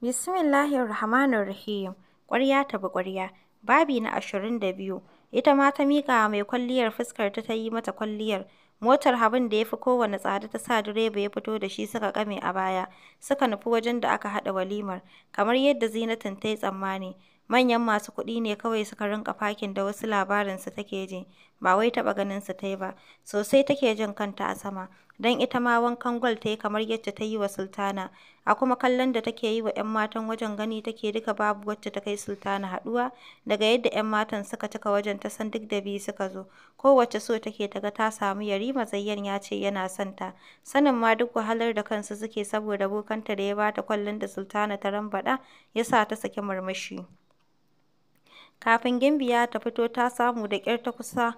Bismillahir Rahmanir Rahim. Ƙwarya ta bi ƙwarya. Babi na ashirin da biyu. Ita ma ta miƙa mai kwalliyar fuskar ta yi mata kwalliyar. Motar Habun da ya fi kowane tsada ta sa direba ya fito da shi suka ƙame a baya, suka nufi wajen da aka haɗa walimar, kamar yadda Zinatin ta yi tsammani. Manyan masu kuɗi ne kawai suka rinƙa fakin da wasu labarinsu take ji, ba wai taɓa ganinsa ta yi ba, sosai take jin kanta a sama, don ita ma wankan gwal ta yi kamar yadda ta yi wa Sultana, a kuma kallon da take yi wa 'yan matan wajen gani take duka babu wacce ta kai Sultana haɗuwa, daga yadda 'yan matan suka cika wajen ta san duk da biyu suka zo, kowace so take ta ga ta samu Yarima Zayyan ya ce yana son ta, sanin ma duk wahalar da kansu suke saboda bokanta da ya ba ta kwallon da Sultana ta rambaɗa ya sa ta saki murmushi. Kafin Gimbiya ta fito ta samu da ƙyar ta kusa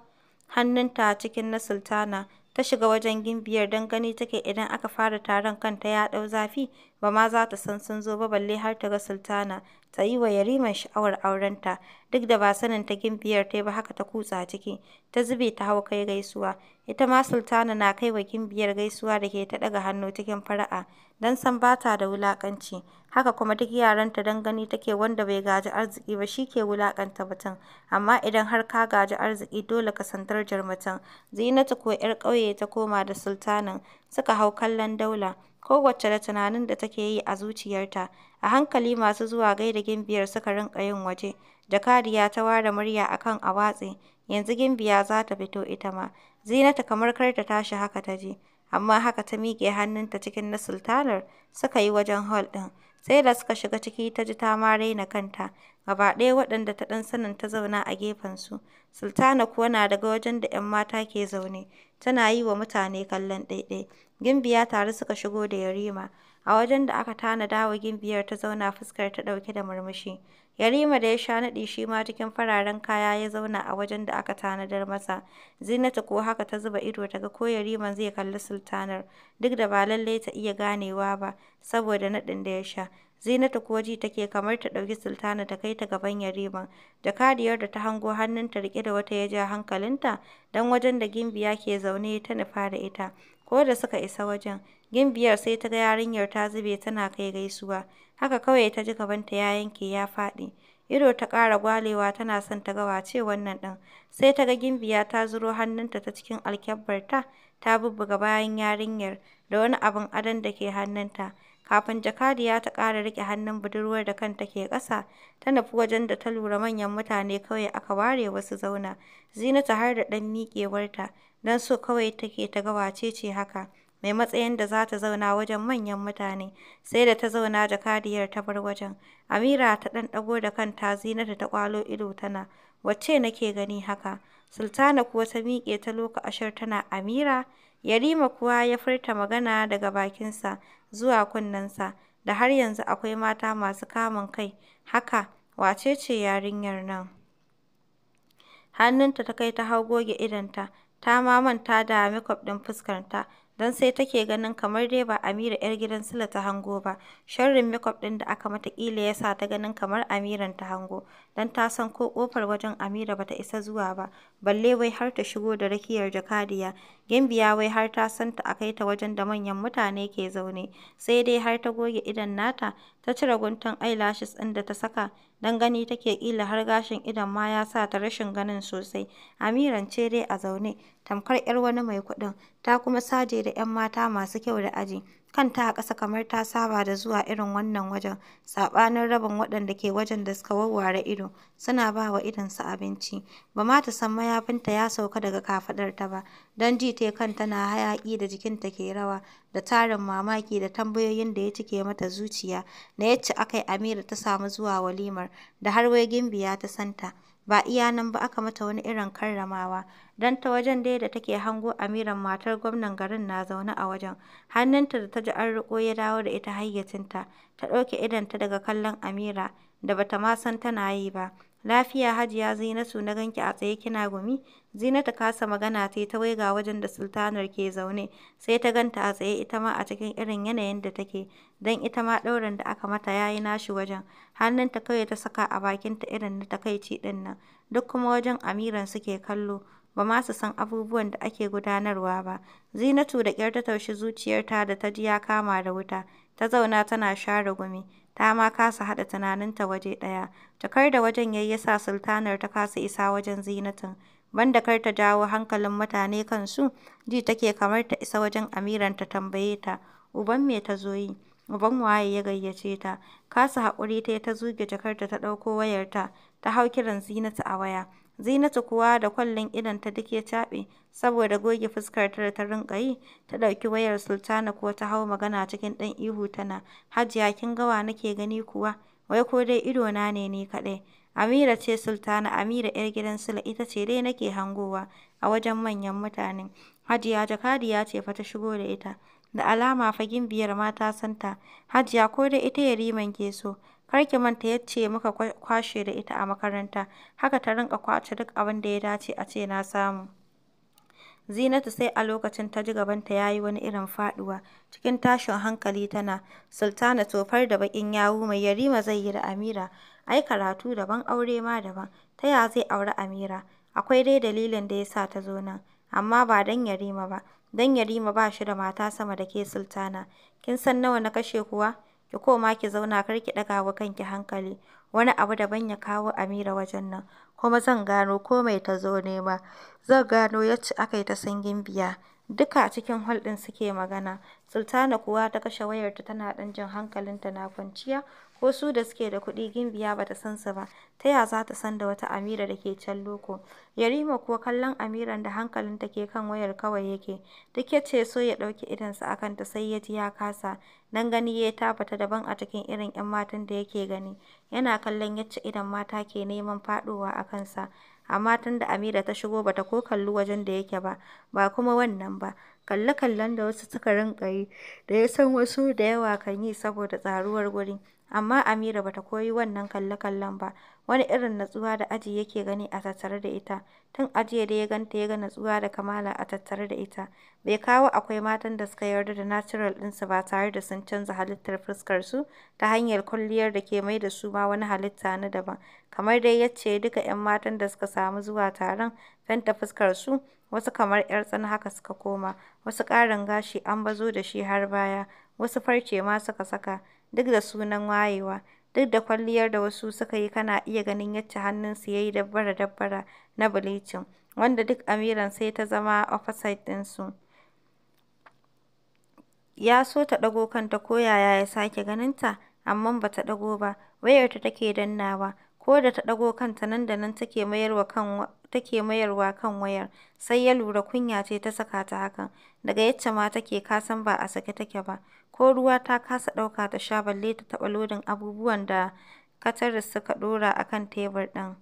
hannunta a cikin na sultana, ta shiga wajen gimbiyar don gani take idan aka fara taron kanta ya ɗau zafi ba ma za ta san sun zo ba balle har ta ga sultana. ta yi wa Yariman sha'awar aurenta, duk da ba sanin ta Gimbiyar ta yi ba haka ta kutsa ciki, ta zube ta hau kai gaisuwa. Ita ma Sultana na kai wa Gimbiyar gaisuwa da ke ta ɗaga hannu cikin fara'a, don san ba ta da wulaƙanci. Haka kuma duk yaranta don gani take wanda bai gaji arziki ba shi ke wulaƙanta mutum, amma idan har ka gaji arziki dole ka san darajar mutum. Zinatu ko 'yar ƙauye ta koma da Sultanan, suka hau kallon Daula. kowacce da tunanin da take yi a zuciyarta. A hankali masu zuwa gaida gimbiyar suka rinƙa yin waje. Jakadiya ta ware murya a kan a watse, yanzu gimbiya za ta fito ita ma. Zinata kamar kar ta tashi haka ta ji, amma haka ta miƙe hannunta cikin na sultanar suka yi wajen hol ɗin. Sai da suka shiga ciki ta ji ta ma raina kanta, gaba ɗaya waɗanda ta ɗan sanin ta zauna a gefen su Sultana kuwa na daga wajen da 'yan mata ke zaune, tana yi wa mutane kallon ɗaiɗai. Gimbiya tare suka shigo da Yarima, a wajen da aka tanada wa gimbiyar ta zauna fuskar ta ɗauke da murmushi. Yarima da ya sha naɗi shi ma cikin fararen kaya ya zauna a wajen da aka tanadar masa, Zinatu ko haka ta zuba ido ta ga ko Yariman zai kalli sultanar, duk da ba lallai ta iya ganewa ba saboda naɗin da ya sha. Zinatu ko ji take kamar ta ɗauki sultana ta kai ta gaban Yariman. kadiyar da ta hango hannun ta riƙe da wata ya ja hankalinta don wajen da Gimbiya ke zaune ta nufa da ita. Ko da suka isa wajen, Gimbiyar sai ta ga yarinyar ta zube tana kai gaisuwa. Haka kawai ta ji gabanta ya yanke ya faɗi. Ido ta ƙara gwalewa tana son ta ga wace wannan ɗin. Sai ta ga Gimbiya ta zuro hannunta ta cikin alkyabbarta ta bubbuga bayan yarinyar da wani abin adon da ke hannunta. Kafin jakadiya ta ƙara riƙe hannun budurwar da kanta ke ƙasa, ta nufi wajen da ta lura manyan mutane kawai aka ware wasu zauna. zinata har da ɗan miƙewarta, don so kawai take ta ga wace ce haka. mai matsayin da za ta zauna wajen manyan mutane, sai da ta zauna jakadiyar ta bar wajen. Amira ta ɗan ɗago da kanta zinata ta ƙwalo ido tana, wacce nake gani haka? Sultana kuwa ta miƙe ta loka ashar tana Amira, Yarima kuwa ya furta magana daga bakinsa zuwa kunnensa, da har yanzu akwai mata masu kamun kai, haka, wace ce yarinyar nan? Hannunta ta kai ta hau goge idonta, ta ma manta da makeup ɗin fuskarta. don sai take ganin kamar dai ba Amira 'yar gidan Sule ta hango ba, sharrin makeup ɗin da aka mata ƙila yasa ta ganin kamar Amiran ta hango, don ta san ko ƙofar wajen Amira bata isa zuwa ba, balle wai har ta shigo da rakiyar jakadiya, Gimbiya wai har ta san ta a ta wajen da manyan mutane ke zaune, sai dai har ta goge idan nata, ta cire guntun eyelashes ɗin da ta saka, don gani take ƙila har gashin idan ma ya sa ta rashin ganin sosai. Amiran ce dai a zaune, tamkar 'yar wani mai kuɗin, ta kuma saje da 'yan mata masu kyau da aji. kanta a ƙasa kamar ta saba da zuwa irin wannan wajen, saɓanin rabin waɗanda ke wajen da suka wawware ido, suna ba wa idonsu abinci. Ba ma ta san mayafinta ya sauka daga kafaɗarta ba, don ji ta kanta na hayaƙi da jikinta ke rawa, da tarin mamaki da tambayoyin da ya cike mata zuciya, na yacce aka yi Amira ta samu zuwa walimar, da har wai Gimbiya ta santa. Ba iya nan ba aka mata wani irin karramawa, don ta wajen dai da take hango amiran matar gwamnan garin na zaune a wajen, hannunta da ta ji an riƙo ya dawo da ita hayyacinta, ta ɗauke idonta daga kallon Amira da bata ma san tana yi ba. Lafiya Hajiya Zinatu na ganki a tsaye kina gumi? Zinatu kasa magana tai ta waiga wajen da Sultanar ke zaune, sai ta ganta a tsaye ita ma a cikin irin yanayin da take, dan ita ma ɗaurin da aka mata yayi yi nashi wajen, Hannun ta kawai ta saka a bakin ta irin na takaici ɗinnan. nan, duk kuma wajen Amiran suke kallo, ba ma su san abubuwan da ake gudanarwa ba. Zinatu da kyar ta taushi zuciyarta da ta ji ya kama da wuta, ta zauna tana share gumi. ta ma kasa haɗa tunaninta waje ɗaya, jakar da wajen ya yi sa sultanar ta kasa isa wajen zinatin, ban kar ta jawo hankalin mutane kansu, ji take kamar ta isa wajen amiran ta tambaye ta, uban me ta zo yi? Uban waye ya gayyace ta? Kasa haƙuri ta yi ta zuge jakarta ta ɗauko wayarta, ta hau kiran zinata a waya. Zinatu kuwa da kwallon idonta duk ya taɓe saboda goge fuskar ta da ta rinƙa yi, ta ɗauki wayar Sultana ko ta hau magana cikin ɗan ihu tana, Hajiya kin gawa nake gani kuwa, wai ko dai idona ne ni kaɗai. Amira ce Sultana, Amira 'yar gidan Sule ita ce dai nake hangowa a wajen manyan mutane. Hajiya jakadiya ce fa ta shigo da ita, da alama fa biyar ma ta san ta. Hajiya ko dai ita Yariman ke so. Kar ki manta yacce muka kwashe da ita a makaranta, haka ta rinƙa kwace duk abin da ya dace a ce na samu. Zinatu sai a lokacin ta ji gabanta ya yi wani irin faɗuwa, cikin tashin hankali tana, Sultana tofar da baƙin yawu mai Yarima zai yi da Amira, ai karatu daban aure ma daban, ta ya zai auri Amira, akwai dai dalilin da ya sa ta zo nan, amma ba don Yarima ba, don Yarima ba shi da mata sama da ke Sultana, kin san nawa na kashe kuwa? ki koma ki zauna kar ki ɗaga wa kanki hankali wani abu daban ya kawo Amira wajen nan kuma zan gano ko mai ta zo nema zan gano yacce aka yi ta sangin biya. duka cikin hol ɗin suke magana Sultana kuwa ta kashe wayarta tana ɗan jin hankalinta na kwanciya ko su da suke da kuɗi Gimbiya ba ta san su ba, ta ya za ta san da wata Amira da ke can loko. Yarima kuwa kallon Amiran da hankalinta ke kan wayar kawai yake, duk ya ce so ya ɗauki idonsa a kanta sai ya ji ya kasa, Nan gani ya ta fita daban a cikin irin 'yan matan da yake gani, yana kallon yacce idon mata ke neman faɗowa a kansa. amma tun da Amira ta shigo bata ko kalli wajen da yake ba, ba kuma wannan ba, kalle-kallen da wasu suka rinka yi da ya san wasu da yawa kan yi saboda tsaruwar guri. Amma Amira ba ta koyi wannan kalle-kallen ba, wani irin natsuwa da Aji yake gani a tattare da ita, tun ajiye da ya ganta ya ga natsuwa da kamala a tattare da ita, bai kawo akwai matan da suka yarda da natural ɗinsu ba tare da sun canza halittar fuskar su ta hanyar kwalliyar da ke mai da su ma wani halitta na daban, kamar dai yacce duka 'yan matan da suka samu zuwa taron fenta fuskar su wasu kamar 'yar tsana haka suka koma, wasu ƙarin gashi an bazo da shi har baya, wasu farce ma suka saka. Duk da sunan wayewa, duk da kwalliyar da wasu suka yi kana iya ganin yacce hannunsu ya yi dabbara-dabbara na bleaching, wanda duk Amiran sai ta zama offside ɗinsu. Ya so ta ɗago kanta ko yaya ya sake ganinta, amma ba ta ɗago ba, wayarta take dannawa, ko da ta ɗago kanta nan da nan take mayarwa kan take mayarwa kan wayar, sai ya lura kunya ce ta saka ta hakan, daga yacce ma take kasan ba a sake take ba, ko ruwa ta kasa ɗauka ta sha balle ta taɓa lodin abubuwan da Kataris suka ɗora a kan tebur ɗin.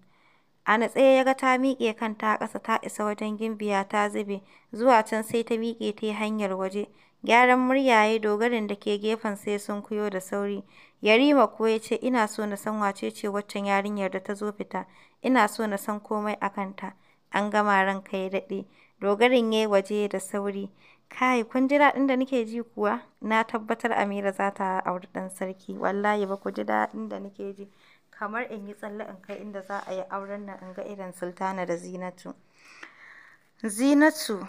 A natse ya ga ta miƙe kanta a ƙasa ta isa wajen gimbiya ta zube, zuwa can sai ta miƙe ta hanyar waje. Gyaran murya dogarin yi, da ke gefen sai sun kuyo da sauri. Yarima ko ya ce, "Ina so na san wace ce waccan yarinyar da ta zo fita, ina so na san komai a kanta, an gama ran ya daɗe." Dogarin ya yi waje da sauri. Kai, kun ji daɗin da nake ji kuwa? Na tabbatar Amira za ta auri ɗan sarki, wallahi ba ku ji daɗin da nake ji. Kamar in yi tsalle in kai inda za a yi auren nan in ga irin Sultana da Zinatu. Zinatu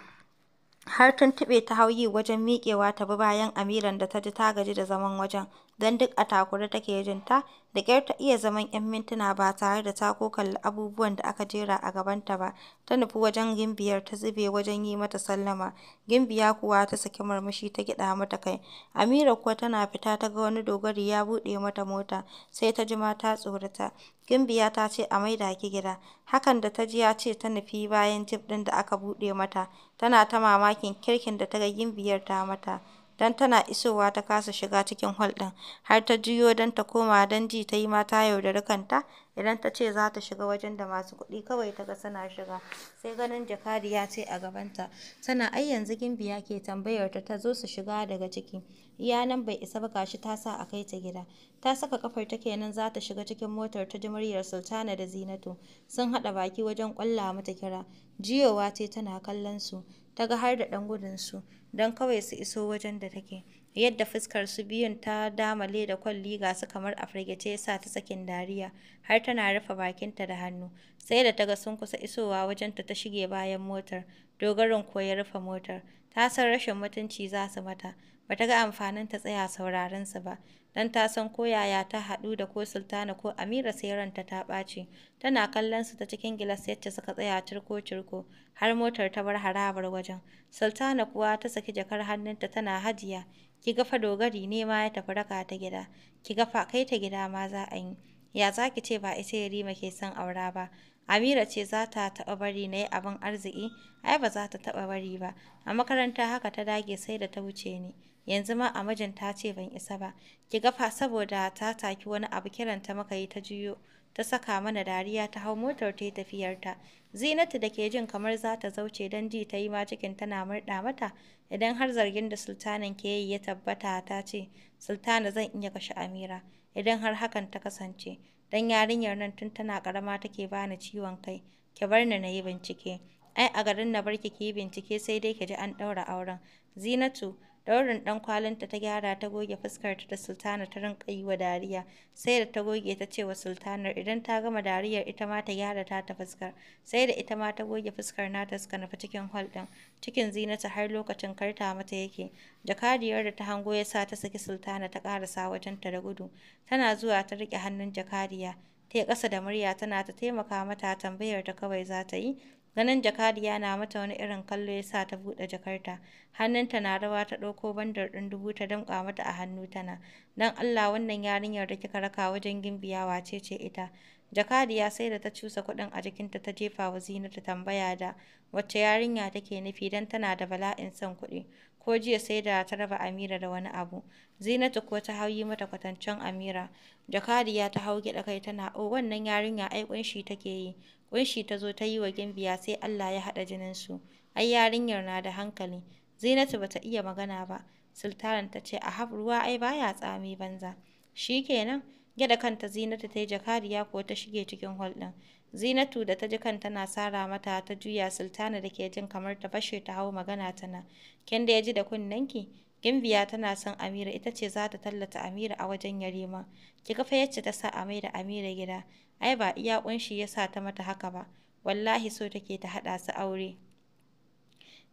Har tuntuɓe ta hauyi wajen miƙewa ta bi bayan Amiran da ta ji ta gaji da zaman wajen. don duk a takure take jinta, da kyar ta iya zaman 'yan mintuna ba tare da ta ko kalli abubuwan da aka jera a gabanta ba, ta nufi wajen gimbiyar ta zube wajen yi mata sallama, gimbiya kuwa ta saki murmushi ta gida mata kai, Amira kuwa tana fita ta ga wani dogari ya bude mata mota, sai ta ji mata ta tsorata, gimbiya ta ce a maida ki gida, hakan da ta ji ya ce ta nufi bayan jib ɗin da aka bude mata, tana ta mamakin kirkin da ta ga gimbiyar ta mata. don tana isowa ta kasa shiga cikin hol ɗin, har ta juyo don ta koma don ji ta yi ma ta yaudari kanta idan ta ce za ta shiga wajen da masu kuɗi kawai ta ga suna shiga, sai ganin ya ce a gabanta, tana ai yanzu Gimbiya ke tambayar ta ta zo su shiga daga ciki, iya nan bai isa ba gashi ta sa a kai ta gida, ta saka kafar ta kenan za ta shiga cikin motar ta ji muryar Sultana da Zinatu, sun haɗa baki wajen ƙwalla mata kira, jiyowa ce tana kallon su. ta ga har da ɗan gudunsu, don kawai su iso wajen da take. Yadda fuskar su biyun ta damale da kwalli ga su kamar a firgice sa ta sakin dariya, har tana rufe bakinta da hannu. Sai da ta ga sun kusa isowa wajenta ta shige bayan motar, dogaron ko ya rufe motar. ta san rashin mutunci za su mata, ba ta ga amfanin ta tsaya sauraron su ba, Dan ta san ko yaya ta haɗu da ko Sultana ko Amira sai ranta ta ɓaci. Tana kallon su ta cikin gilas yadda suka tsaya turko-turko, har motar ta bar harabar wajen. Sultana kuwa ta saki jakar hannunta tana hajiya, ki ga fa dogari ne ma ya tafi raka ta gida, ki ga fa kai ta gida ma za a yi. ya za ki ce ba ita Yarima ke son aura ba Amira ce za ta taɓa bari na yi abin arziki ai ba za ta taɓa bari ba a makaranta haka ta dage sai da ta wuce ni yanzu ma a mijin ta ce ban isa ba ki gafa saboda ta taki wani abu kiranta maka yi ta juyo ta saka mana dariya ta hau motar ta yi tafiyarta zinatu da ke jin kamar za ta zauce don ji ta yi ma cikin tana murɗa mata idan har zargin da sultanin ke yi ya tabbata ta ce sultana zan iya kashe amira idan har hakan ta kasance. Dan yarinyar nan tun tana karama take bani ciwon kai, ki bar ni na yi bincike. Ai a garin na barki ki yi bincike sai dai ki ji an ɗaura auren. Zinatu Daurin kwalinta ta gyara ta goge fuskarta da Sultana ta rinƙa yi wa dariya, sai da ta goge ta ce wa Sultanar idan ta gama dariyar ita ma ta gyara ta ta fuskar, sai da ita ma ta goge fuskar na ta suka nufi cikin hol ɗin, cikin zinata har lokacin karta mata yake. Jakadiyar da ta hango ya sa ta saki Sultana ta wajen ta da gudu, tana zuwa ta rike hannun jakadiya, ta yi ƙasa da murya tana ta taimaka mata tambayar ta kawai za ta yi, Ganin jakadiya na mata wani irin kallo ya sa ta buɗe jakarta. Hannunta na rawa ta ɗauko bandar ɗin dubu ta damƙa mata a hannu tana. Don Allah wannan yarinyar da kika raka wajen gimbiya wace ce ita? Jakadiya sai da ta cusa kuɗin a jikinta ta jefa wa Zinatu tambaya da wacce yarinya take nufi don tana da bala'in son kuɗi. ko jiya sai da ta raba Amira da wani abu. Zinatu ko ta hau yi mata kwatancen Amira. Jakadiya ta hau gida kai tana o oh, wannan yarinya ai kunshi take yi. Kunshi ta zo ta yi wa Gimbiya sai Allah ya haɗa jinin su. Ai yarinyar na da hankali. Zinatu bata iya magana ba. Sultanan ta ce a haf ruwa ai baya tsami banza. Shi Shikenan, gyada kanta Zinatu ta yi jakadiya ko ta shige cikin hol ɗin. Zinatu da ta ji kan tana sara mata ta juya Sultana da ke jin kamar ta fashe ta hau magana tana. Ken da ya ji da kunnenki? Gimbiya tana son Amira ita ce za ta tallata Amira a wajen Yarima. Ki ga fa yacce ta sa a mai da Amira gida. Ai ba iya kunshi ya sa ta mata haka ba. Wallahi so take ta haɗa su aure.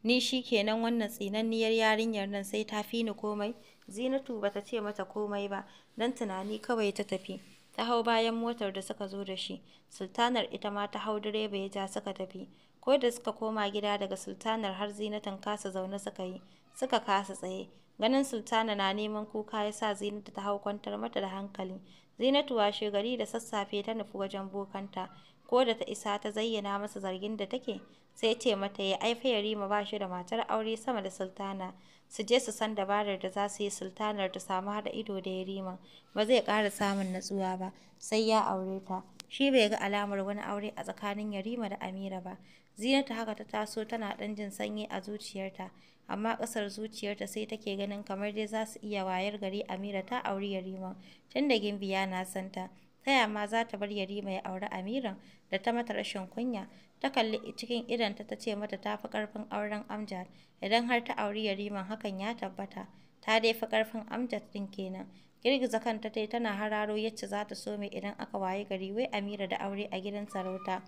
Ni shi kenan wannan tsinanniyar yarinyar nan sai ta fini komai. Zinatu bata ce mata komai ba, don tunani kawai ta tafi. ta hau bayan motar da suka zo da shi, Sultanar ita ma ta hau direba ya ja suka tafi. Ko da suka koma gida daga Sultanar har Zinatan kasa zaune suka yi, suka kasa tsaye. Ganin Sultana na neman kuka ya sa zinata ta hau kwantar mata da hankali. Zinatu washe gari da sassafe ta nufi wajen bokanta. Ko da ta isa ta zayyana masa zargin da take, sai ce mata ya aifa Yarima ba shi da matar aure sama da Sultana. su je su san dabarar da za su yi sultanar da samu haɗa ido da Yarima ba zai ƙara samun natsuwa ba sai ya aure ta shi bai ga alamar wani aure a tsakanin Yarima da Amira ba Zinatu haka ta taso tana ɗan jin sanyi a zuciyarta amma ƙasar zuciyarta sai take ganin kamar dai za su iya wayar gari Amira ta auri Yarima tunda Gimbiya na santa ta ma za ta bar Yarima ya auri Amiran da ta mata rashin kunya ta kalli cikin idonta ta ce mata ta fi ƙarfin auren Amjad, idan har ta auri Yariman hakan ya tabbata, ta dai fi ƙarfin Amjad ɗin kenan. Girgiza kanta tai tana hararo yacce za ta so mai idan aka waye gari wai Amira da aure a gidan sarauta.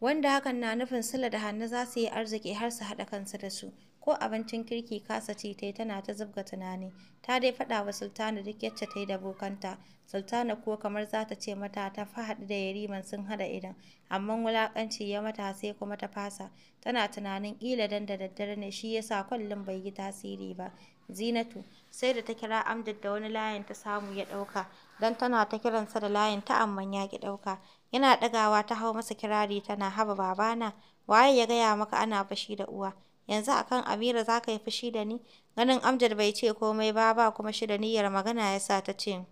Wanda hakan na nufin Sula da hannu za su yi arziki har su haɗa kansu da su. ko abincin kirki kasa ci ta tana ta zubga tunani ta dai faɗa wa sultana duk yacce ta yi da bokanta sultana kuwa kamar za ta ce mata ta fi haɗu da yariman sun haɗa idan amma wulaƙanci ya mata sai kuma ta fasa tana tunanin ƙila dan da daddare ne shi yasa kwallon bai yi tasiri ba zinatu sai da ta kira amjad da wani layin ta samu ya ɗauka Dan tana ta kiransa da layin ta amma ya ki ɗauka yana ɗagawa ta hau masa kirari tana haba babana waye ya gaya maka ana fashi da uwa yanzu akan Amira za ka yi fushi da ni? Ganin Amjad bai ce komai ba, ba kuma shi da niyyar magana ya sa ta ce,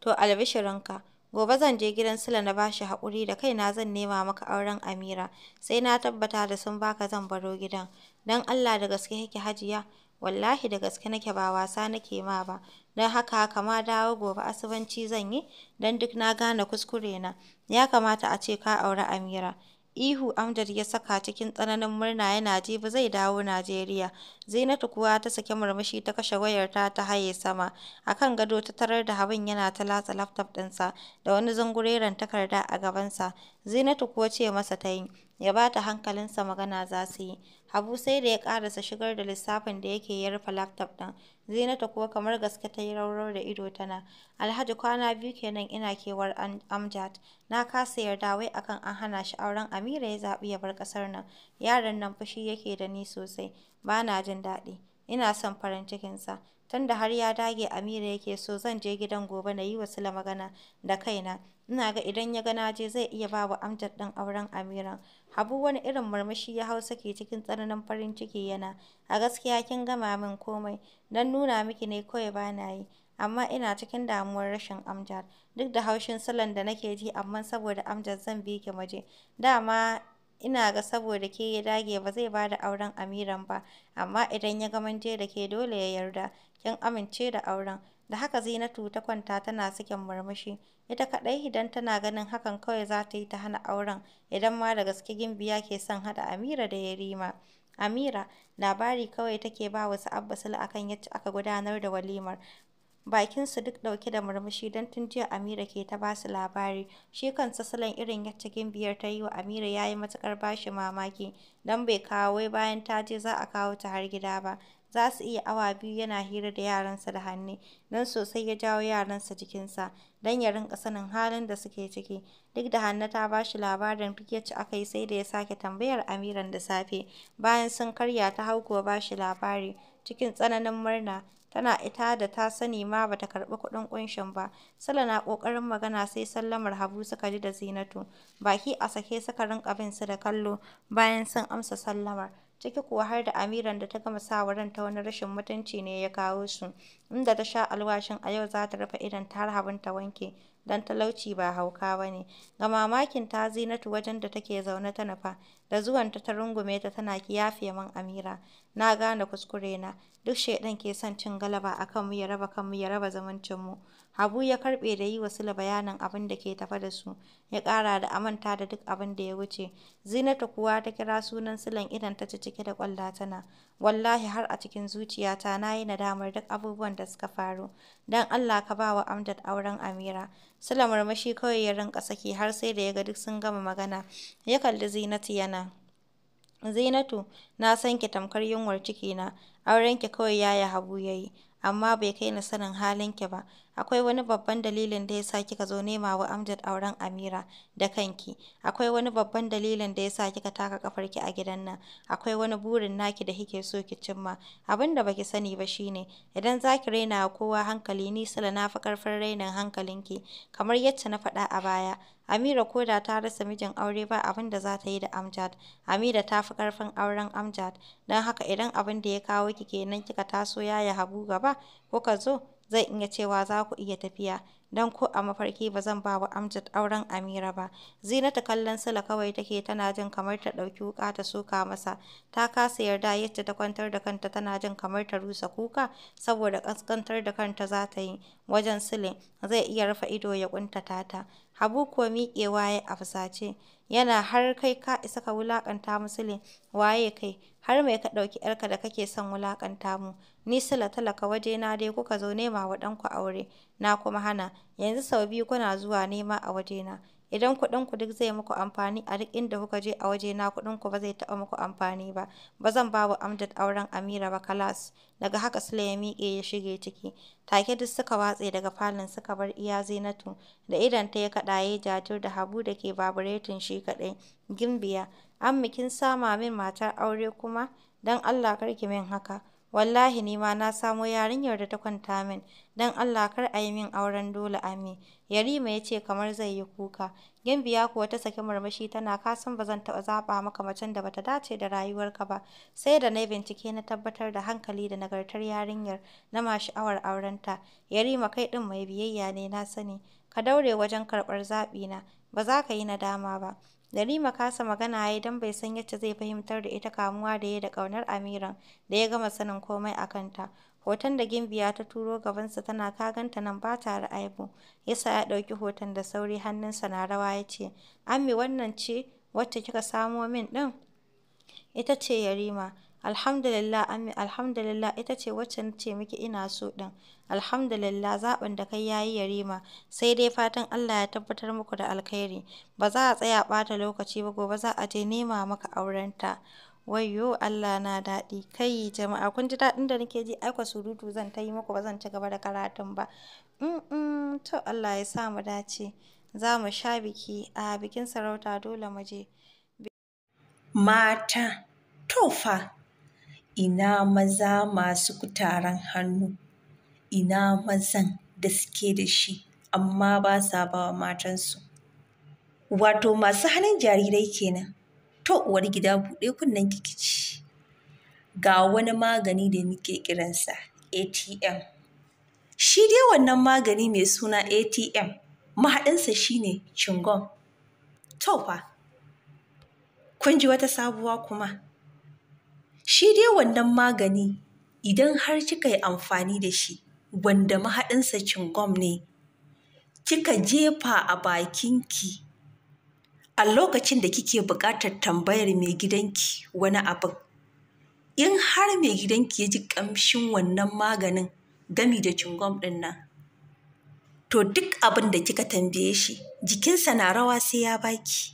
To albishirinka, gobe zan je gidan Sila na bashi haƙuri da kaina zan nema maka auren Amira, sai na tabbata da sun baka zan baro gidan. Don Allah da gaske yake hajiya, wallahi da gaske nake ba wasa nake ma ba, don haka kama dawo gobe asubanci zan yi, don duk na gane kuskure na, ya kamata a ce ka aure Amira. Ihu Amjad ya saka cikin tsananin murna yana ji ba zai dawo Najeriya. Zainatu kuwa ta saki murmushi ta kashe wayarta ta haye sama. akan gado ta tarar da Habin yana ta latsa laptop ɗinsa da wani zungureren takarda a gabansa. Zainatu kuwa ce masa ta yi, ya ba ta hankalinsa magana za su yi. Habu sai da ya karasa shigar da lissafin da yake ya rufe laptop ɗin. Zinata kuwa kamar gaske ta yi raurar da ido tana. Alhaji kwana biyu kenan ina kewar Amjad. Na kasa yarda wai akan an hana shi auren Amira ya zaɓi ya bar ƙasar nan. Yaron nan fushi yake da ni sosai. Ba na jin daɗi. Ina son farin cikinsa. Tunda har ya dage Amira yake so zan je gidan gobe na yi wa Sula magana da kaina. Ina ga idan ya ga na je zai iya ba wa Amjad ɗin auren Amiran. Habu wani irin murmushi ya hau saki cikin tsananin farin ciki yana, a gaskiya kin gama min komai, don nuna miki ne kawai ba na yi, amma ina cikin damuwar rashin Amjad. Duk da haushin salon da nake ji amma saboda Amjad zan bi ki maje Dama ina ga saboda ke ya dage ba zai bada auren Amiran ba, amma idan ya ga mun da ke dole ya yarda, kin amince da auren. Da haka Zinatu ta kwanta tana sakin murmushi, ita kadai idan tana ganin hakan kawai za ta yi ta hana auren, idan ma da gaske Gimbiya ke son hada Amira da Yarima. Amira, labari kawai take ba wasu abbasul akan akan yadda aka gudanar da walimar. su duk dauke da murmushi don tun jiya Amira ke ta basu labari. Shi kansa salon irin yadda Gimbiyar ta yi wa Amira ya yi matukar bashi mamaki, don bai kawo wai bayan ta je za a kawo ta har gida ba. za su iya awa biyu yana hira da yaransa da Hanne, don sosai ya jawo yaransa jikinsa, don ya rinka sanin halin da suke ciki. Duk da hannu ta ba shi labarin duk yacce aka yi sai da ya sake tambayar Amiran da safe, bayan sun karya ta hau kuwa ba shi labari, cikin tsananin murna. Tana ita da ta sani ma ba ta karɓi kuɗin ƙunshin ba. Sala na ƙoƙarin magana sai sallamar Habu suka ji da Zinatu. Baki a sake suka rinka bin su da kallo bayan sun amsa sallamar. ciki kuwa har da Amiran da ta gama sawa ranta wani rashin mutunci ne ya kawo su, inda ta sha alwashin a yau za ta rufe ta har abin ta wanke, dan talauci ba hauka ba ne. Ga mamakin ta Zinatu wajen da take zaune ta nafa. da zuwan ta ta rungume ta tana ki yafe min Amira, na gane kuskure na, duk shaiɗan ke son cin galaba a kanmu ya raba kanmu ya raba mu Habu ya karɓe da yi wa Sule bayanin abin da ke tafa da su, ya ƙara da amanta da duk abin da ya wuce. Zinatu kuwa ta kira sunan Sulen idan ta ci cike da ƙwalla tana, wallahi har a cikin zuciyata na yi nadamar duk abubuwan da suka faru, don Allah ka ba wa Amjad auren Amira. Sule murmushi kawai ya rinƙa saki har sai da ya ga duk sun gama magana, ya kalli Zinatu yana. Zinatu, na san ki tamkar yunwar ciki na aurenki kawai yaya Habu ya yi, amma bai kai na sanin halinki ba, Akwai wani babban dalilin da ya sa kika zo nema wa Amjad auren Amira da kanki. Akwai wani babban dalilin da ya sa kika taka ki a gidan nan. Akwai wani burin naki da kike so ki cimma. Abin da baki sani ba shine, idan zaki ki raina kowa hankali ni sala na fi ƙarfin rainin hankalinki, kamar yacce na faɗa a baya. Amira ko da ta rasa mijin aure ba abin da za ta yi da Amjad. Amira ta fi ƙarfin auren Amjad. Don haka idan abin da ya kawo ki kenan kika taso Yaya Habu gaba, kuka zo, zai iya cewa za ku iya tafiya, don ko a mafarki ba zan ba wa Amjad auren Amira ba. Zinata kallon Sule kawai take tana jin kamar ta ɗauki wuka ta soka masa. Ta kasa yarda yadda ta kwantar da kanta tana jin kamar ta rusa kuka saboda ƙasƙantar da kanta za ta yi. Wajen Sule zai iya rufe ido ya ƙuntata ta. Habu ko miƙewa ya a fusace. yana har kai ka isa ka wulaƙanta mu waye kai, har mai ka ɗauki ‘yarka da kake son wulaƙanta mu, ni Sule talaka na dai kuka zo nema wa ɗanku aure, na kuma hana, yanzu sau biyu kuna zuwa nema a wajena, Idan kuɗinku duk zai muku amfani a duk inda kuka je a wajena kuɗinku ba zai taɓa muku amfani ba, ba zan ba wa Amjad auren Amira ba kalas. Daga haka Sule ya miƙe ya shige ciki. Take duk suka watse daga falon suka bar iya Zinatu da ta ya kaɗa ya jajir da Habu da ke baburetin shi kaɗai. Gimbiya, an mikin sama min matar aure kuma? Don Allah karki min haka. Wallahi ni ma na samo yarinyar da ta kwanta min, don Allah kar a yi min auren dole Ami,” Yarima ya ce kamar zai yi kuka. Gimbiya kuwa ta saki murmushi tana ka san ba zan taɓa zaɓa maka macen da bata dace da rayuwarka ba, sai da na bincike na tabbatar da hankali da nagartar yarinyar na ma sha'awar aurenta. Yarima kai ɗin mai biyayya ne na sani, ka daure wajen karɓar zaɓina, ba za ka yi nadama ba. Yarima kasa magana ya yi don bai san yadda zai fahimtar da ita kamuwa da ya da ƙaunar Amiran da ya gama sanin komai a kanta. Hoton da Gimbiya ta turo gabansa tana ka ganta nan ba ta da aibu, ya ya ɗauki hoton da sauri hannunsa na rawa ya ce, Ami wannan ce wacce kika samo min ɗin? Ita ce Yarima. Alhamdulillah Ammi, alhamdulillah ita ce wacce na ce miki ina so din alhamdulillah zaɓin da kai yayi yi yarima, sai dai fatan Allah ya tabbatar muku da alkhairi, ba za a tsaya bata lokaci ba gobe za a je nema maka aurenta. Wayyo Allah na daɗi, kai jama'a kun ji daɗin da nake ji aiko surutu zan ta yi muku ba zan ci gaba da karatun ba. Mm to Allah ya sa mu dace, za mu sha biki a bikin sarauta dole mu je. Mata, tufa. ina maza masu kutaren hannu, ina mazan da suke da shi amma ba sa ba wa matansu. Wato masu hannun jarirai kenan. To uwar gida buɗe kunnen kikici. Ga wani magani da muke kiransa ATM. Shi dai wannan magani mai suna ATM mahaɗinsa shine chingon. To fa, kun ji wata sabuwa kuma. Shi dai wannan magani idan har kika yi amfani da shi wanda mahaɗinsa cingom ne, kika jefa a bakinki a lokacin da kike buƙatar tambayar mai gidanki wani abin. In har mai gidanki ya ji ƙamshin wannan maganin gami da cingom ɗin nan, to duk abin da kika tambaye shi jikinsa na rawa sai ya baki.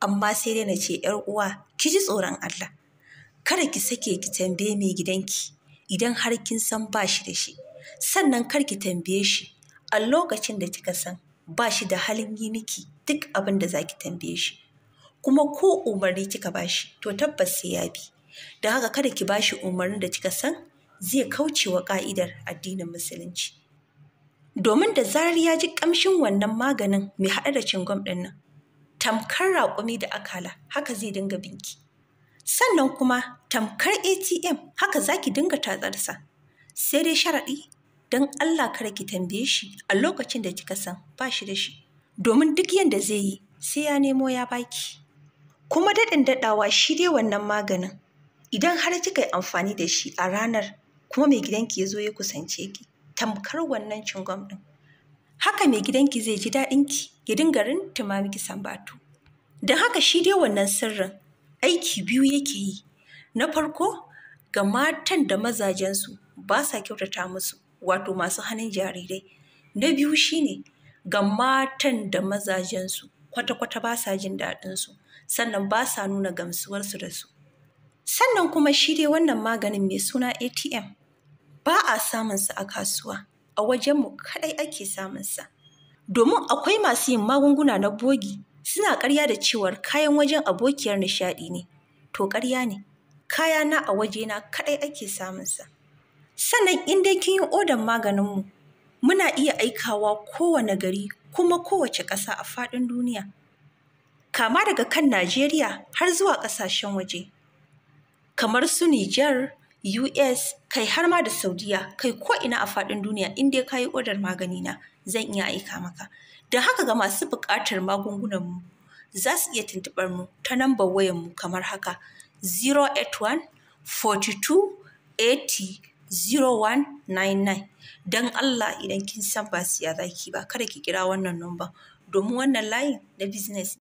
Amma sai dai na ce ‘yar uwa ki ji tsoron Allah. kada ki sake ki tambaye mai gidanki idan har kin san ba shi da shi sannan kar ki tambaye shi a lokacin da kika san ba shi da halin yi miki duk abin da za ki tambaye shi kuma ko umarni kika ba shi to tabbas sai ya bi da haka kada ki ba shi umarnin da kika san zai kauce wa ka'idar addinin musulunci domin da zarar ya ji kamshin wannan maganin mai haɗa da cingom ɗin nan tamkar raƙumi da akala haka zai dinga binki sannan kuma tamkar ATM haka za ki dinga tatsarsa. Sai dai sharaɗi don Allah kar ki tambaye shi a lokacin da kika san ba shi da shi. Domin duk yanda zai yi sai ya nemo ya baki. Kuma daɗin daɗawa shi dai wannan maganin. Idan har kika yi amfani da shi a ranar kuma mai gidanki ya zo ya kusance ki tamkar wannan cingom ɗin. Haka mai gidanki zai ji ki, ya dinga rintuma miki sambatu. Don haka shi dai wannan sirrin aiki biyu yake yi. Na farko, ga matan da mazajensu ba sa kyautata musu, wato masu hannun jarirai. Na biyu shine ga matan da mazajensu kwata-kwata ba sa jin daɗinsu, sannan ba sa nuna gamsuwarsu da su. Sannan kuma shi dai wannan maganin mai suna ATM ba a sa a kasuwa, a wajenmu kaɗai ake samunsa. Domin akwai masu yin magunguna na bogi Suna ƙarya da cewar kayan wajen abokiyar nishaɗi ne, to karya ne, kayana a waje na kaɗai ake samunsa. Sannan in dai kin yi odan maganinmu, muna iya aikawa kowane gari kuma kowace ƙasa a faɗin duniya. Kama daga kan Najeriya har zuwa ƙasashen waje. Kamar su Nijar, US, kai har ma da Saudiya, kai ko ina a faɗin duniya in dai ka yi odar maganina zan iya aika maka. Don haka ga masu buƙatar magungunanmu za su iya tuntuɓar mu ta nambar wayarmu kamar haka 081 42 80 0199 don Allah idan kin san ba siya zaki ba kada ki kira wannan number domin wannan layin na business